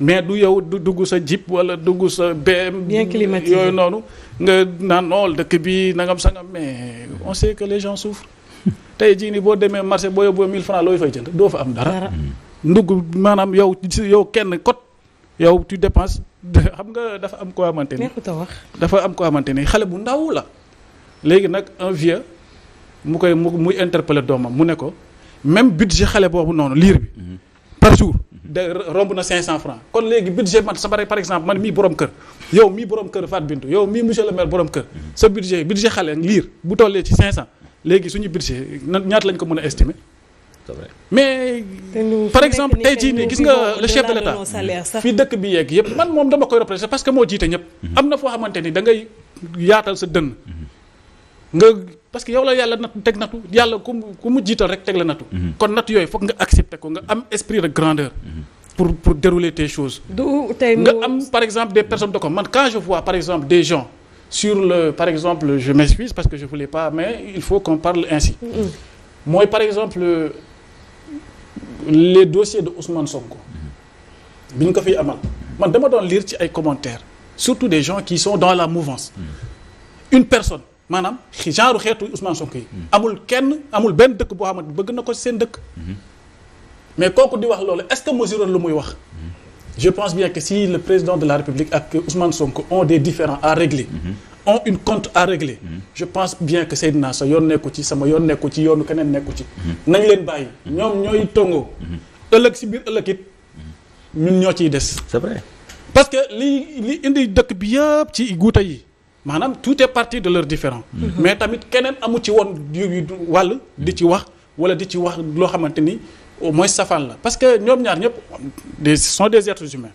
mais du yow du dugg sa jeep wala dugg sa BM. bien climatisé yooyu noonu nga naan nool dëkk bi nangam sangam mais on sait que les gens souffrent tey jii nii boo demee marché boo yóbboo 1000 francs looy fay jënd doo fa am dara. ndugg maanaam yow yow kenn kot. yow tu dépenses xam nga dafa am koo xamante ni dafa am koo ni xale bu ndaw la léegi nag un vieux mu koy mu muy interpeller doomam mu ne ko même budget xale boobu noonu liir bi mhm. par jour de romb na 500 francs kon léegi budget man sa par exemple man mii borom kër yow mii borom kër Fatou Bintou yow mii monsieur le maire borom kër mhm. sa budget budget xale liir bu tollee ci cent léegi suñu budget ñaata lañ ko mën a estimer c'est vrai mais par exemple tey jii nii gis nga le chef de l' état fii dëkk bi yeeg yëpp man moom dama koy représenter parce que moo jiite ñëpp mhm. am na foo xamante ni da ngay yaatal sa dënn mhm. nga parce que yow la yàlla nat teg natu yàlla ku mu ku mu jiital rek teg la natu mhm. kon natu yooyu foog nga accepter ko nga am esprit de grandeur pour pour dérouler tes choses nga am par exemple de personnes de com man quand je vois par exemple des gens sur le par exemple je m'excuse parce que je voulais mais il faut qu'on parle les dossiers de Ousmane Sonko bi ñu ko fi amal man dama doon liir ci ay commentaires surtout des gens qui sont dans la mouvance une personne maanaam genre xeetu Ousmane Sonko yi. amul kenn amul benn dëkk boo xamante bëgg na ko seen dëkk. mais kooku di wax loolu est-ce que mesure lu muy wax. je pense bien que si le président de la République ak Ousmane Sonko ont des différends à régler. ont une compte à régler. Mm-hmm. je pense bien que Seydina sa yoon nekku ci sama yoon nekku ci yoonu keneen nekku ci. Mm-hmm. nañ leen bàyyi. ñoom ñooy tongoo. Mm-hmm. ëllëg si biir ëllëg it ñun ñoo ciy des. parce que li li indi dëkk bi yëpp ci guuta yi maanaam tout est parti de leur différent mais tamit keneen amu ci woon yu wàll di ci wax wala di ci wax loo xamante ni au moins safaan la parce que ñoom ñaar ñëpp des sont des êtres humains.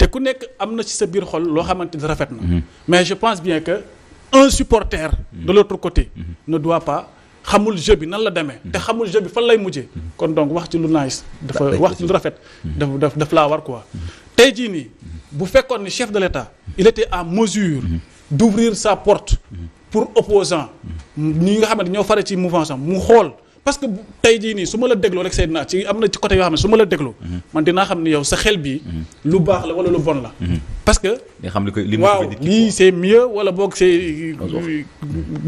te ku nekk am na ci sa biir xol loo xamante ni rafet na. Mhm. mais je pense bien que un supporter. Mhm. de l'autre côté. Mhm. ne doit pas xamul jeu bi nan la demee. te xamul jeu bi fan lay mujjee. kon donc wax ci lu nice dafa wax ci lu rafet. daf daf daf laa war quoi. tey jii nii bu fekkoon ni chef de l'État il était en mesure. d'ouvrir sa porte. pour opposants ñi nga xamante ñoo fare ci mouvention am mu xool. parce que tey jii nii su ma la dégloo rek Seydina ci am na ci côté yoo xam ne su ma la dégloo. Mhm. man dinaa xam ne yow sa xel bi mhm. lu baax la wala lu bon la. Mhm. parce que. nga xam li koy li waaw lii c'est mieux wala boog c'est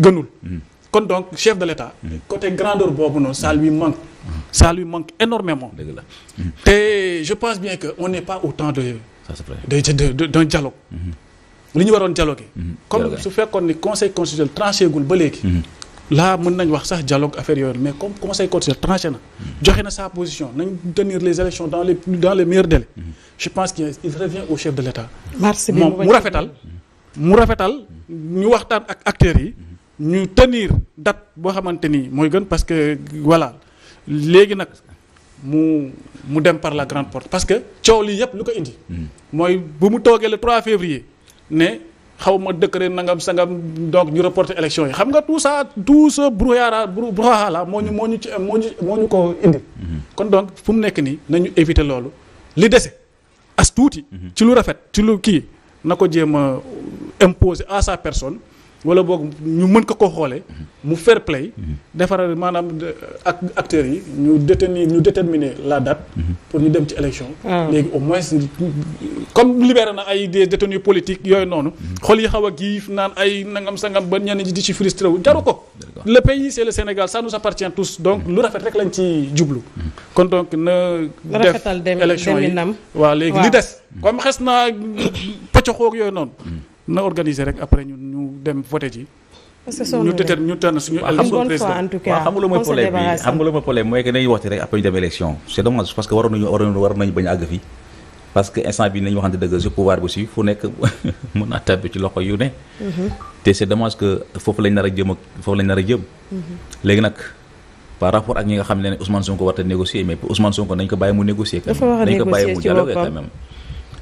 gënul. kon donc chef de l'État. côté grandeur boobu noonu saal lui manque. ça lui manque énormément. dëgg la te je pense bien que on n'est pas au temps de. ça c'est vrai de li ñu waroon dialoguer. comme su fekkoon ni conseil constitutionnel tranché gul ba léegi. là mën nañ wax sax dialogue affaire yooyu mais comme conseil constitutionnel tranché na joxe na sa position nañ tenir les élections dans les dans les meilleurs délais je pense que il revient au chef de l'État moom mu rafetal mu rafetal ñu waxtaan ak acteurs yi ñu tenir date boo xamante ni mooy gën parce que voilà léegi nag mu mu dem par la grande porte parce que coow lii yëpp lu ko indi mm. mooy bu mu toogee le trois février xaw ma décret nangam sangam donc ñu reporter élection yi xam nga tout ça tout ce brouillard brouhaha la moo ñu moo ñu ci moo ñu moo ñu ko indi. Mhm. kon donc fu mu nekk nii nañu éviter loolu li dese as tuuti. Mhm. ci lu rafet ci lu kii na ko jéem a imposer à sa personnes wala boog ñu mën ko koo xoolee mu fair play mhm. Mhm. defaral maanaam euh, ak acteurs yi ñu détenir ñu déterminer la date mhm. pour ñu dem ci élection ah. léegi au moins comme libéré na ay des détenus politiques yooyu noonu xol yi xaw a giif naan ay nangam sangam ba ñenn ñi di ci frustré wu jaru ko le pays c'est le Sénégal ça nous appartient tous donc lu rafet rek lañ ci jublu kon donc na def élection yi waaw léegi li des comme xes naa pëccoxoog yooyu noonu na organiser rek après ñun ñu dem voté ji. ñu tëtër ñu tànn suñu. élection président en tout xam nga lu mooy problème bi nga lu waxti rek après ñu dem élection c'est dommage parce que waroon nañu bañ a àgg parce que instant bi nañu waxante dëgg si pouvoir bi si fu nekk mën naa tàbbi ci loxo yu ne. Mhm. te c'est dommage que foofu lañ nar jëm mhm. léegi nag par rapport ak ñi nga xam ne Ousmane Sonko war a négocier mais Ousmane Sonko ko nañ ko bàyyi mu dialogue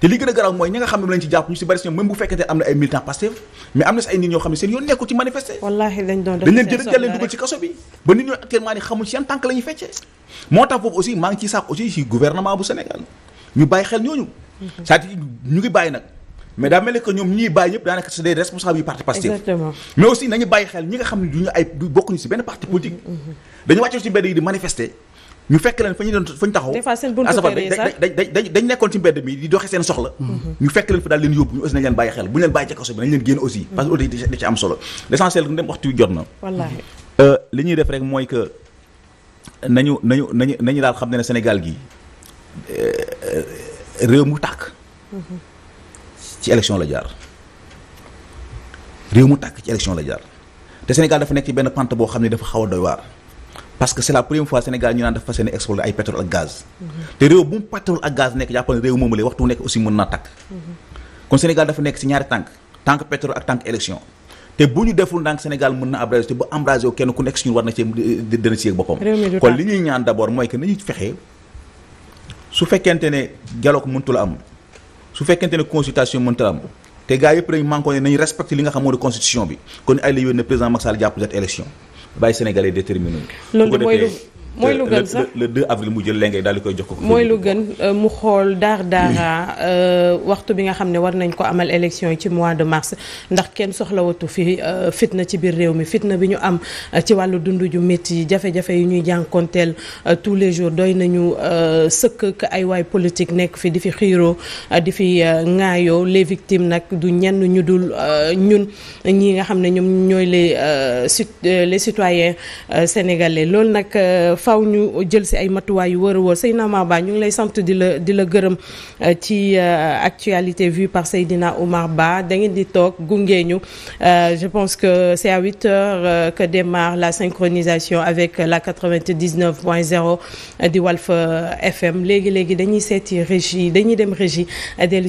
te li gën a garaaw mooy ñi nga xam ne lañ ci jàpp ñu si bari si ñoom même bu fekkente am na ay militants Pastef mais am na si ay nit ñoo xam ne si yan bu Sénégal ñu bàyyi xel ñooñu mhm. c'est-à-dire ñu ngi bàyyi nag mais daa mel ni que ñoom ñiy bàyyi ñëpp daanaka c'est des responsables yu parti Pastef exactement mais aussi nañu bàyyi xel ñi nga xam ne duñu ay du bokkuñu si benn parti politique mhm, mhm. dañu wàcco si mbedd yi di manifester ñu fekk leen fa ñu doon fa ñu taxaw. des fois seen buntu ah, dañ dañ nekkoon ci mbedd mi di doxe seen soxla. Mhm. ñu fekk leen fa daal leen yóbbu ñu aussi nañ leen bàyyi xel bu ñu leen bàyyi ci kaso bi nañ leen génn aussi. Mhm. parce am solo l'essentiel dem waxtu jot na. Euh, li ñuy def rek mooy que nañu nañu nañu nañu daal xam ne ne Sénégal gi euh, réew mu tàkk. Mhm. ci élection la jaar réew mu tàkk ci élection la jaar te Sénégal dafa nekk ci benn pante boo xam ne dafa xaw a doy waar. parce que c'est la première fois Sénégal ñu naan dafa fas yéene exploiter ay pétrole ak gaz. te réew bu mu pétrole ak gaz nekk jàppal réew moomu la waxtu nekk aussi mën naa tàkk. kon Sénégal dafa nekk si ñaari tànk tànk pétrole ak tànk élection te bu ñu deful ndànk Sénégal mën na abrasé te bu embrasé wu kenn ku nekk si ñun war na cee dana ci yëg boppam. kon li ñuy ñaan d'abord mooy que nañu fexe su fekkente ne dialogue mëntu la am su fekkente ne consultation mëntu am. te gars yëpp dañu manqué ne bàyyi sénégalais déterminé. loolu mooy mooy lu euh, gën sax le 2 avril mu jël mooy lu gën euh, mu xool daar daara euh, waxtu bi nga xam ne war nañ ko amal élection ci mois de mars ndax kenn soxlawatu fi fitna ci biir réew mi fitna bi ñu am ci wàllu dund ju métti jafe-jafe yi ñuy jànkonteel tous les jours doy nañu sëkk ay waay politique nekk fi di fi xiiro di fi ŋaayoo les victimes nag du ñenn ñu dul ñun ñi nga xam ne ñoom ñooy les les citoyens sénégalais loolu nag. faw ñu jël si ay matuwaay yu wër a wër Seydina Omar baa ñu ngi lay sant di la di la gërëm euh, ci euh, actualité vue par Seydina Omar baa da ngeen di toog gunge ñu euh, je pense que c'est à huit heures que démarre la synchronisation avec la 99 point 0 di Walf FM léegi léegi dañuy seeti régie dañuy dem régie dellu